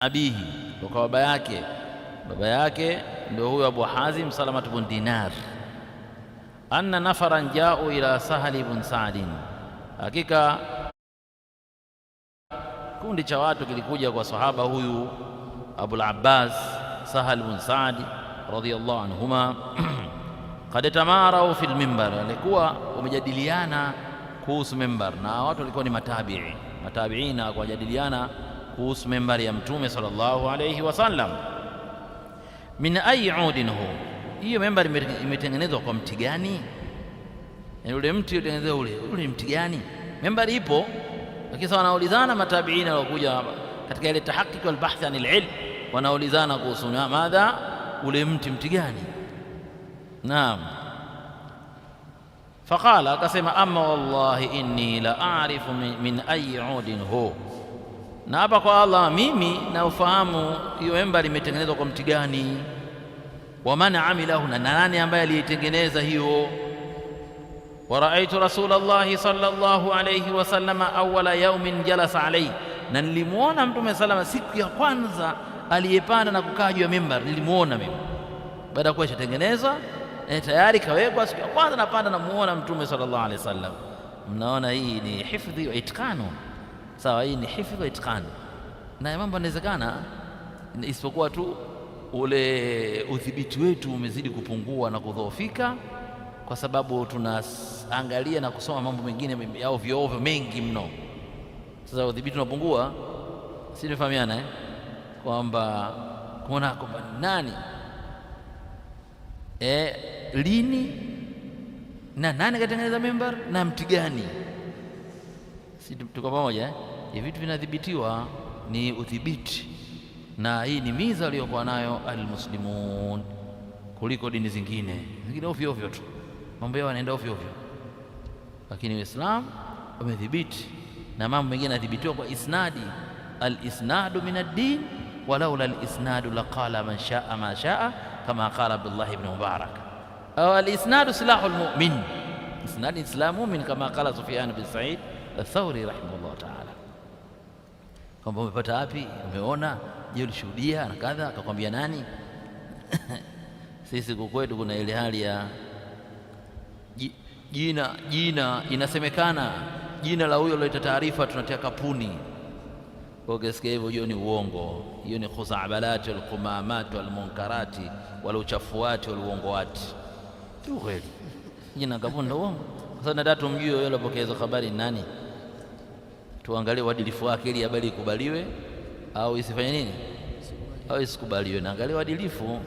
abihi kwa baba yake. Baba yake ndio huyo Abu Hazim Salamat ibn Dinar. Anna nafaran jau ila Sahal ibn Saadin, hakika kundi cha watu kilikuja kwa sahaba huyu Abul Abbas Sahal ibn Saad radhiyallahu anhuma. Qad tamarau fil minbar, walikuwa wamejadiliana kuhusu minbar, na watu walikuwa ni matabi'i matabiina, kwa jadiliana kuhusu membari ya Mtume sallallahu alayhi wasallam min ayi udin hu, hiyo membari imetengenezwa kwa mti gani? Yani ule mti uliotengenezwa ule ule mti gani? Membari ipo, lakini sasa wanaulizana matabiina waliokuja katika ile tahakiki wal bahth anil ilm, wanaulizana kuhusu madha ule mti, mti gani? Naam. Faqala, akasema amma wallahi inni la a'rifu min ayi udin hu na hapa kwa Allah mimi na ufahamu hiyo emba limetengenezwa kwa mti gani, wa man amilahu, na nani ambaye aliyetengeneza hiyo. Wa raaitu rasulallahi sallallahu alayhi wasallama awwala yaumin jalasa alayhi, na nilimwona Mtume salama siku ya kwanza aliyepanda na kukaa juu ya mimbar, nilimwona mimi baada ya kuwa ishatengenezwa eh, tayari kawekwa, siku ya kwanza napanda namuona Mtume sallallahu alayhi wasallam. Mnaona, hii ni hifdhi wa itikano. Sawa, hii ni hifdhu itqan, na mambo yanawezekana, isipokuwa tu ule udhibiti wetu umezidi kupungua na kudhoofika, kwa sababu tunaangalia na kusoma mambo mengine au vyoovyo mengi mno. Sasa udhibiti unapungua, si tunafahamiana eh? kwamba kuona kwamba nani eh, lini na nani katengeneza member na mti gani, si tuko pamoja eh? ya vitu vinadhibitiwa ni udhibiti, na hii ni miza aliyokuwa nayo almuslimun kuliko dini zingine zingine ovyo ovyo tu, mambo yao yanaenda ovyo ovyo, lakini Uislamu umedhibiti na mambo mengine yanadhibitiwa kwa isnadi, alisnadu min ad-din walaula alisnadu laqala man shaa ma shaa kama qala Abdullah ibn Mubarak, au alisnadu silahul mu'min, isnadi silah mu'min kama qala Sufyan bin Sa'id ath-Thawri rahimahullah kwamba umepata wapi, umeona je, ulishuhudia na kadha, akakwambia nani? Sisi kukwetu kuna ile hali ya jina, jina inasemekana jina la huyo aliyoleta taarifa tunatia kapuni kwa ukisikia hivyo hiyo ni uongo, hiyo ni khuzabalati walqumamati walmunkarati waluchafuati waluongowati. Si kweli, jina kapuni ndio uongo. Sasa nataka tumjue yule aliyopokea hizo habari nani? tuangalie uadilifu wake ili habari ikubaliwe au isifanye nini au isikubaliwe. Naangalia uadilifu,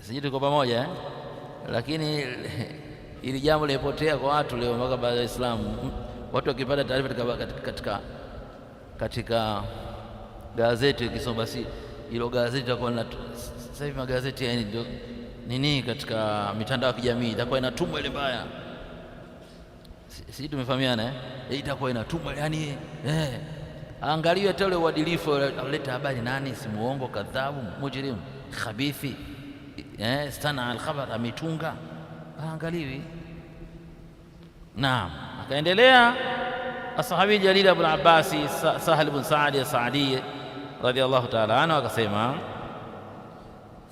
sijui tuko pamoja eh? Lakini ili jambo limepotea kwa watu leo, mpaka baada ya Waislamu watu wakipata taarifa katika, katika, katika gazeti ikisoma, basi hilo gazeti itakuwa na sasa hivi magazeti yani ndio nini katika mitandao ya kijamii itakuwa inatumwa ile mbaya si tumefahamiana eh? eh itakuwa inatuma yani eh. Angalia hata ule uadilifu alileta habari nani, si muongo, kadhabu, mujrim, khabithi eh, sana alkhabar ametunga, aangaliwi. Naam, akaendelea asahabi Jalil Abul Abbasi Sahal bin Saadi Saadi radhiyallahu ta'ala anhu akasema,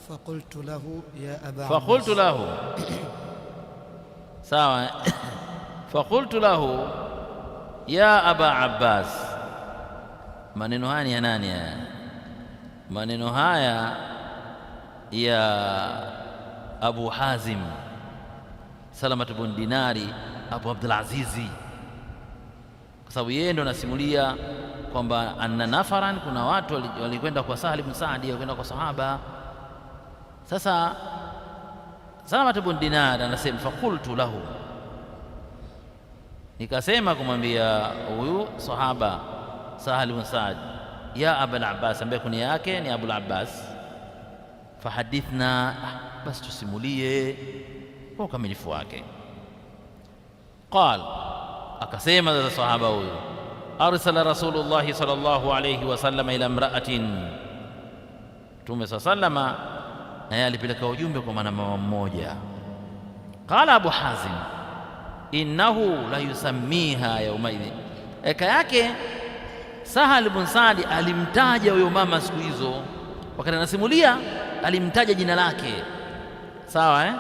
faqultu lahu ya aba, faqultu lahu sawa eh? fakultu lahu ya aba Abbas. Maneno haya ni ya nani? Haya maneno haya ya Abu Hazim Salamat bun Dinari Abu abdulazizi kwa sababu yeye ndo anasimulia kwamba anna nafaran, kuna watu walikwenda kwa sahli ibn Saadi, walikwenda kwa sahaba. Sasa Salamat bun dinari anasema fakultu lahu nikasema kumwambia huyu sahaba Sahal bin Saad, ya Abul Abbas, ambaye kunia yake ni Abul Abbas, fahadithna, ah, basi tusimulie kwa ukamilifu wake. Qal, akasema sasa sahaba huyu, arsala Rasulullahi sallallahu alayhi wasallam ila mraatin, Mtume saa sallama naye alipeleka ujumbe kwa mwanamama mmoja. Qala Abu Hazim innahu la yusammiha yaumaidhin. Eka yake Sahal bin Saadi alimtaja huyo mama siku hizo, wakati anasimulia alimtaja jina lake, sawa eh?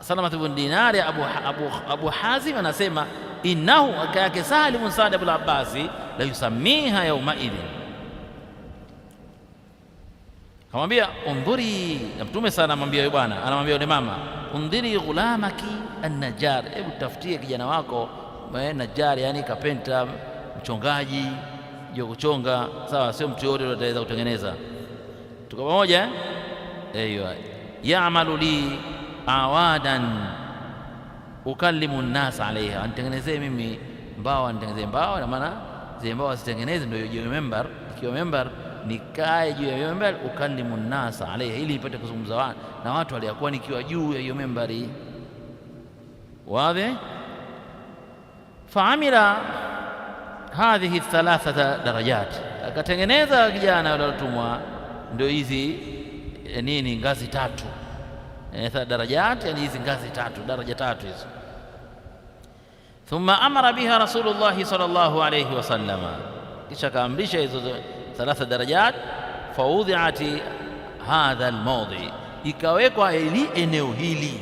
Salama bin Dinari Abu, Abu, Abu Hazim anasema innahu, eka yake Sahal bin Saadi Abul Abbasi la yusammiha yaumaidhin Kamwambia undhuri na Mtume sana anamwambia yule bwana, anamwambia yule mama, undhiri ghulamaki annajar, hebu tafutie kijana wako eh, najar, yani kapenta, mchongaji, jua kuchonga, sawa, sio mtu yote ataweza kutengeneza. Tuko pamoja eh? Yaamalu li awadan ukallimu nnasa alaiha, anitengenezee mimi mbao, anitengenezee mbao. Na maana zile mbao zitengeneze ndio iwe member, ikiwa member nikae juu ya hiyo mimbari, ukallimu nnasa alaiha, ili ipate kuzungumza na watu aliyakuwa nikiwa juu ya hiyo mimbari. Wazi. Faamila hadhihi thalathata darajat, akatengeneza kijana yule alitumwa, ndio hizi eh, nini, ngazi tatu eh, darajat, yani hizi ngazi tatu, daraja tatu hizo. Thumma amara biha Rasulullahi sallallahu alayhi wasallama, kisha akaamrisha hizo thalatha darajat faudhiat hadha almawdhi, ikawekwa ili eneo hili.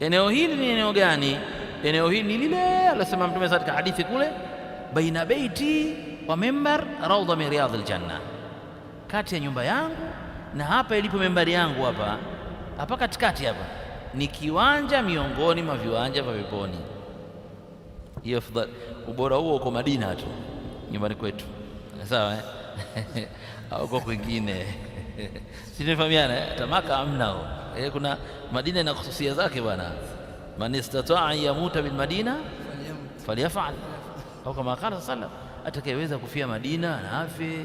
Eneo hili ni eneo gani? Eneo hili ni lile alosema Mtume katika hadithi kule, baina beiti wa mimbar raudha min riyadhi aljanna, kati ya nyumba yangu na hapa ilipo membari yangu hapa hapa katikati hapa ni kiwanja miongoni mwa viwanja vya peponi. Hiyo ubora huo uko Madina tu, nyumbani kwetu, sawa eh? au kwa kwingine sinifahamiana. Eh? Tamaka amna eh, kuna Madina ina khususia zake bwana, man istataa an yamuta bil madina falyafal, au kama qala sallam, atakayeweza kufia Madina na afe.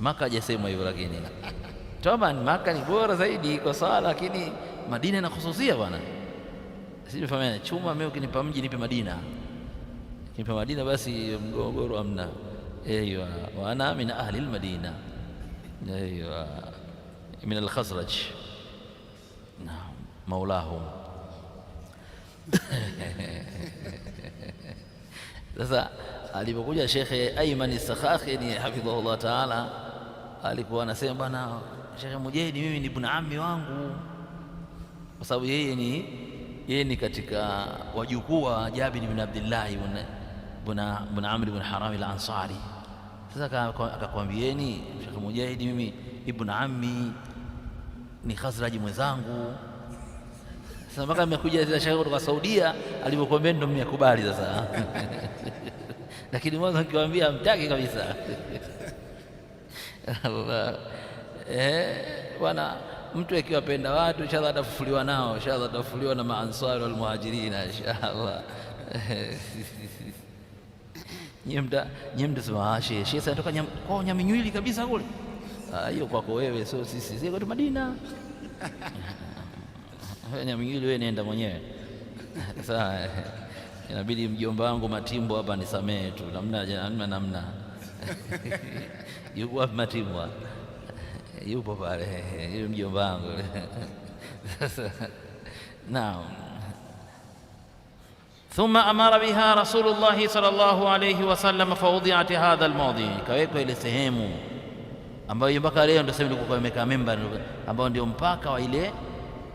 Maka hajasemwa hivyo, lakini taban Maka ni bora zaidi kwa sala, lakini Madina ina khususia bwana, sinifahamiana. Chuma mimi ukinipa mji nipe Madina, kinipa Madina basi mgogoro amna. ايوه وانا من اهل المدينه ايوه من الخزرج نعم مولاهم sasa alipokuja Shekhe Aiman Sakhakhini hafidhahullah taala, alikuwa anasema bwana Shekhe Mujahidi, mimi ni ibn ammi wangu, kwa sababu yeye ni yeye ni katika wajukuu wa Jabir bin Abdillahi bwana bwana Amri bwana Harami la Ansari. Sasa akakwambieni Sheikh Mujahidi, mimi ibn ammi ni Khazraji mwenzangu. Sasa mpaka mmekuja zile Sheikh kutoka Saudia alivyokuambia ndio mmekubali sasa lakini mwanzo nikiwaambia mtaki kabisa. Allah, eh bwana, mtu akiwapenda watu inshallah atafufuliwa nao, inshallah atafufuliwa na maansari wal muhajirin inshallah nyemda sema ah, shehe shehe anatoka kwao Nyaminywili kabisa kule. Ah, hiyo kwako wewe, sio sisi, sisi kwetu Madina. Nyaminywili wewe nenda mwenyewe. sawa. inabidi mjomba wangu Matimbo hapa nisamee tu, namna namna namna yuko hapa Matimbo, yupo pale, yule mjomba wangu sasa naam thumma amara biha Rasulullahi sallallahu alayhi wasallam, fawudiat hadha almawdhi, ikawekwa ile sehemu ambayo mpaka leo ndio sehemu ilikuwa imekaa mimbar, ambayo ndio mpaka wa ile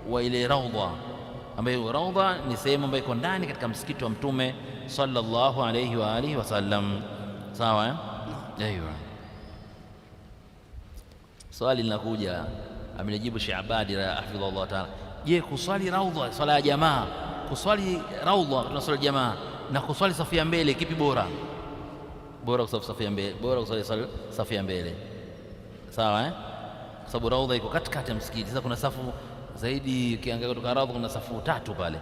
wa ile raudha, ambayo raudha ni sehemu ambayo iko ndani katika msikiti wa Mtume sallallahu alayhi wa alihi wasallam. Sawa, eh? aiwa. Swali linakuja amelijibu Sheikh Abadi hafidhahullah taala, je, kuswali raudha, swala ya jamaa kuswali raudha swala jamaa na kuswali safu ya mbele, kipi bora? Bora kuswali safu ya mbele, bora kuswali safu ya mbele, sawa eh? Kwa sababu raudha iko katikati ya msikiti. Sasa kuna safu zaidi, ukiangalia kutoka raudha kuna safu tatu pale.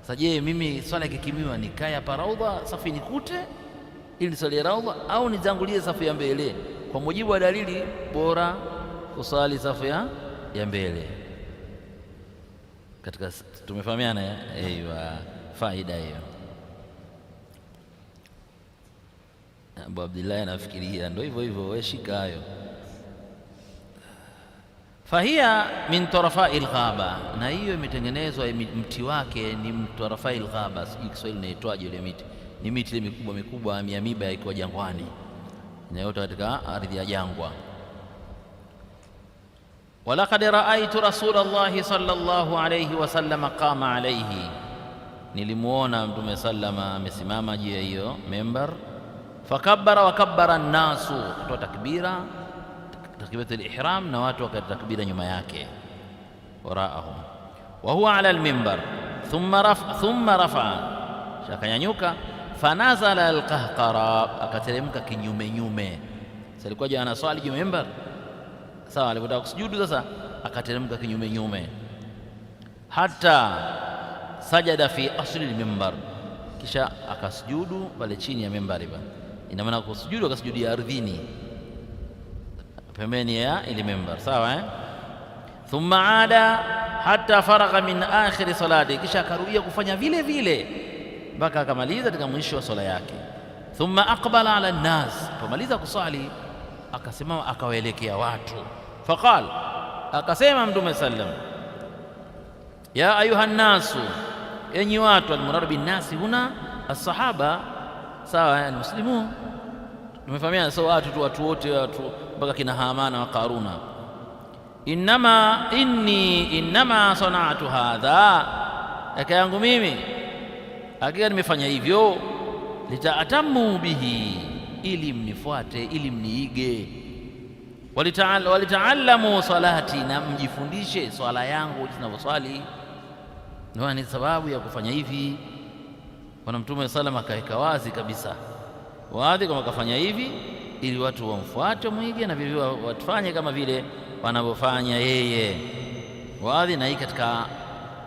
Sasa je, mimi swala ikikimiwa nikae hapa raudha safu nikute ili niswali raudha au nizangulie safu ya mbele? Kwa mujibu wa dalili, bora kuswali safu ya mbele katika tumefahamiana, aiwa, eh, eh, faida hiyo. Abu Abdillahi anafikiria ndio hivyo hivyo, wewe shika hayo. Fahiya min tarafai lghaba, na hiyo imetengenezwa mti wake ni mtarafai lghaba. Sijui Kiswahili inaitwaje ile miti, ni miti ile mikubwa mikubwa miamiba iko jangwani, inayota katika ardhi ya jangwa walaqad raaitu rasulallahi sallallahu alayhi wasalama qama alayhi, nilimwona Mtume sallama amesimama juu ya hiyo membar. Fakabara wakabara nnasu, kutoa takbira, takbiratul ihram, na watu wakatakbira nyuma yake, waraahum wa huwa ala lmimbar Thumma rafaa thumma rafa, shakanyanyuka. Fanazala alqahqara, akateremka kinyume nyume. Salikuwa je anaswali juu membar Sawa, alipotaka kusujudu sasa akateremka kinyume nyume, hata sajada fi asli al kisha akasujudu pale chini ya mimbari. Ina maana kusujudu akasujudia ardhini pembeni ya ile mimbar. Sawa, eh? Thumma ada hata faragha min akhiri salati, kisha akarudia kufanya vile vile mpaka akamaliza katika mwisho wa sala yake. Thumma aqbala ala nnas, pomaliza kusali akasema akawaelekea watu, faqal, akasema Mtume sallam, ya ayuha nnasu, enyi watu. Almuradu binnasi huna assahaba, sawa, almuslimun. Tumefahamiana, so watu tu, watu wote, watu mpaka kina Hamana wa Karuna. Innama inni innama sanatu hadha, aka yangu mimi, hakika nimefanya hivyo, litaatamu bihi ili mnifuate, ili mniige. Walitaalamu salati, na mjifundishe swala yangu zinavyoswali. Ndio ni sababu ya kufanya hivi. Bwana Mtume salam akaweka wazi kabisa wazi kama akafanya hivi ili watu wamfuate mwige, na vivyo watufanye kama vile wanavyofanya yeye wazi. Na hii katika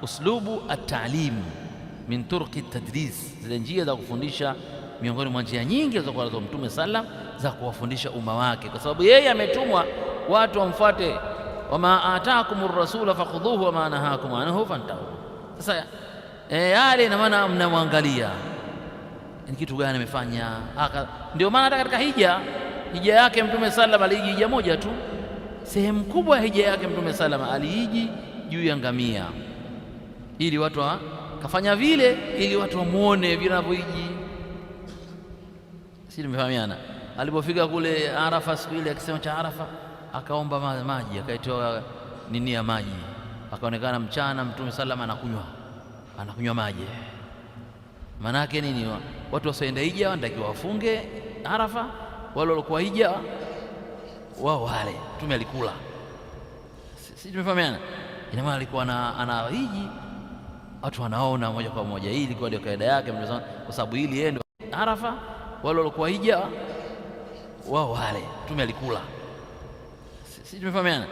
uslubu at-ta'lim min turqi tadris, zile njia za kufundisha miongoni mwa njia nyingi alizokuwa nazo Mtume sallam za kuwafundisha umma wake, kwa sababu yeye ametumwa watu wamfuate. wama atakumur rasula fakhudhuhu wama nahakum anhu fantahu. Sasa e, yale ina maana mnamwangalia ni kitu gani amefanya. Ndio maana hata katika hija hija yake Mtume sallam aliiji hija moja tu. Sehemu kubwa ya hija yake Mtume sallam aliiji juu ya ngamia, ili watu kafanya vile, ili watu wamwone vile si limefahamiana. Alipofika kule Arafa siku ile akisema cha Arafa, akaomba maji, akaitoa nini ya maji, akaonekana mchana Mtume salama anakunywa anakunywa maji. Manake nini? Watu wasioenda hija wanatakiwa wafunge Arafa, wale waliokuwa hija wao wale. Mtume alikula, si tumefahamiana? Ina maana alikuwa ana hiji, watu wanaona moja kwa moja. Hii ilikuwa ndio kaida yake, kwa sababu hili yeye ndio Arafa wale waliokuwa hija wao wale, mtume alikula. Sisi tumefahamiana,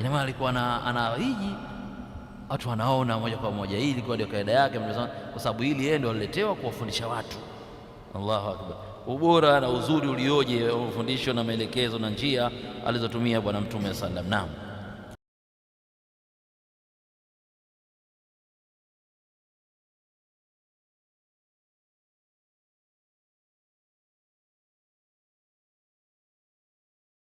ina maana alikuwa ana hiji, watu wanaona moja kwa moja. Hii ilikuwa ndio kaida yake, kwa sababu hili yeye ndio aliletewa kuwafundisha watu. Allahu akbar, ubora na uzuri ulioje, ufundisho na maelekezo na njia alizotumia Bwana Mtume sallallahu alaihi wasallam. Naam.